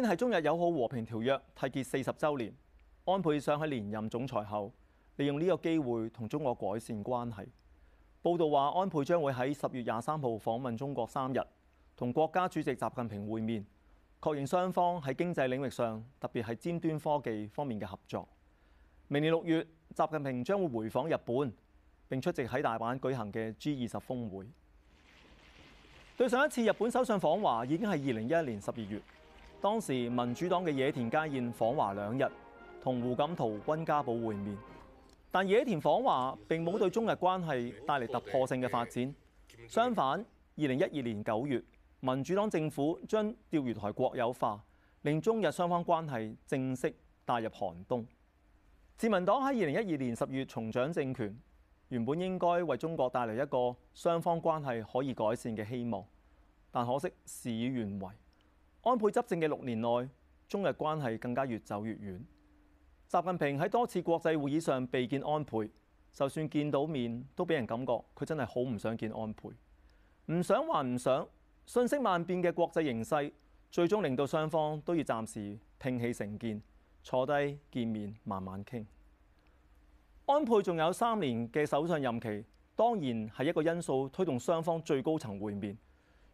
先係中日友好和平條約締結四十週年，安倍想喺連任總裁後利用呢個機會同中國改善關係。報道話，安倍將會喺十月廿三號訪問中國三日，同國家主席習近平會面，確認雙方喺經濟領域上，特別係尖端科技方面嘅合作。明年六月，習近平將會回訪日本，並出席喺大阪舉行嘅 G 二十峰會。對上一次日本首相訪華已經係二零一一年十二月。當時民主黨嘅野田佳彥訪華兩日，同胡錦濤、溫家寶會面，但野田訪華並冇對中日關係帶嚟突破性嘅發展。相反，二零一二年九月，民主黨政府將釣魚台國有化，令中日雙方關係正式帶入寒冬。自民黨喺二零一二年十月重掌政權，原本應該為中國帶嚟一個雙方關係可以改善嘅希望，但可惜事與願違。安倍執政嘅六年內，中日關係更加越走越遠。習近平喺多次國際會議上避見安倍，就算見到面，都俾人感覺佢真係好唔想見安倍。唔想還唔想，瞬息萬變嘅國際形勢，最終令到雙方都要暫時摒棄成見，坐低見面慢慢傾。安倍仲有三年嘅首相任期，當然係一個因素推動雙方最高層會面。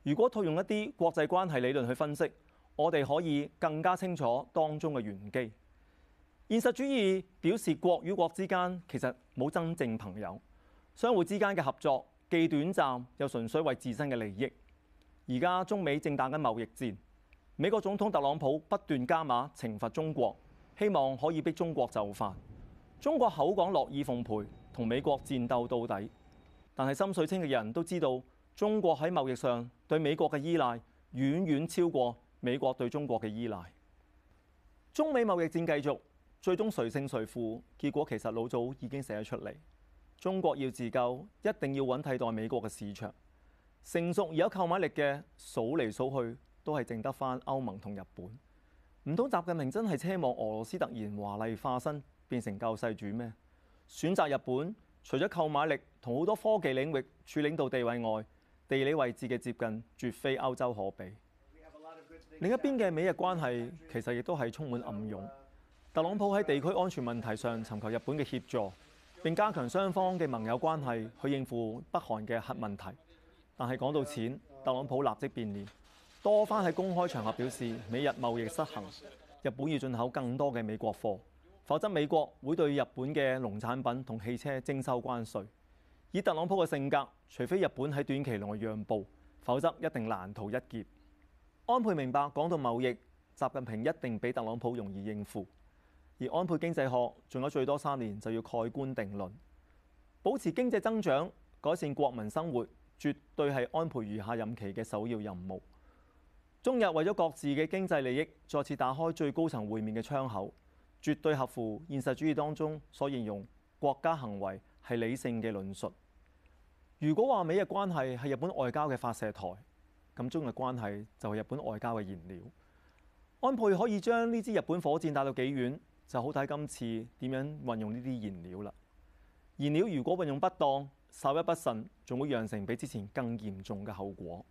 如果套用一啲國際關係理論去分析，我哋可以更加清楚當中嘅玄機。現實主義表示國與國之間其實冇真正朋友，相互之間嘅合作既短暫又純粹為自身嘅利益。而家中美正打緊貿易戰，美國總統特朗普不斷加碼懲罰中國，希望可以逼中國就範。中國口講樂意奉陪，同美國戰鬥到底，但係心水清嘅人都知道。中國喺貿易上對美國嘅依賴遠遠超過美國對中國嘅依賴。中美貿易戰繼續，最終誰勝誰負？結果其實老早已經寫咗出嚟。中國要自救，一定要搵替代美國嘅市場。成熟而有購買力嘅數嚟數去都係淨得返歐盟同日本。唔通習近平真係奢望俄羅斯突然華麗化身變成救世主咩？選擇日本，除咗購買力同好多科技領域處領導地位外，地理位置嘅接近，絕非歐洲可比。另一邊嘅美日關係其實亦都係充滿暗湧。特朗普喺地區安全問題上尋求日本嘅協助，並加強雙方嘅盟友關係去應付北韓嘅核問題。但係講到錢，特朗普立即變臉，多番喺公開場合表示美日貿易失衡，日本要進口更多嘅美國貨，否則美國會對日本嘅農產品同汽車徵收關稅。以特朗普嘅性格，除非日本喺短期內讓步，否則一定難逃一劫。安倍明白，講到貿易，習近平一定比特朗普容易應付。而安倍經濟學仲有最多三年就要蓋棺定論，保持經濟增長、改善國民生活，絕對係安倍餘下任期嘅首要任務。中日為咗各自嘅經濟利益，再次打開最高層會面嘅窗口，絕對合乎現實主義當中所形容國家行為，係理性嘅論述。如果話美日關係係日本外交嘅發射台，咁中日關係就係日本外交嘅燃料。安倍可以將呢支日本火箭帶到幾遠，就好睇今次點樣運用呢啲燃料啦。燃料如果運用不當，稍一不慎，仲會釀成比之前更嚴重嘅後果。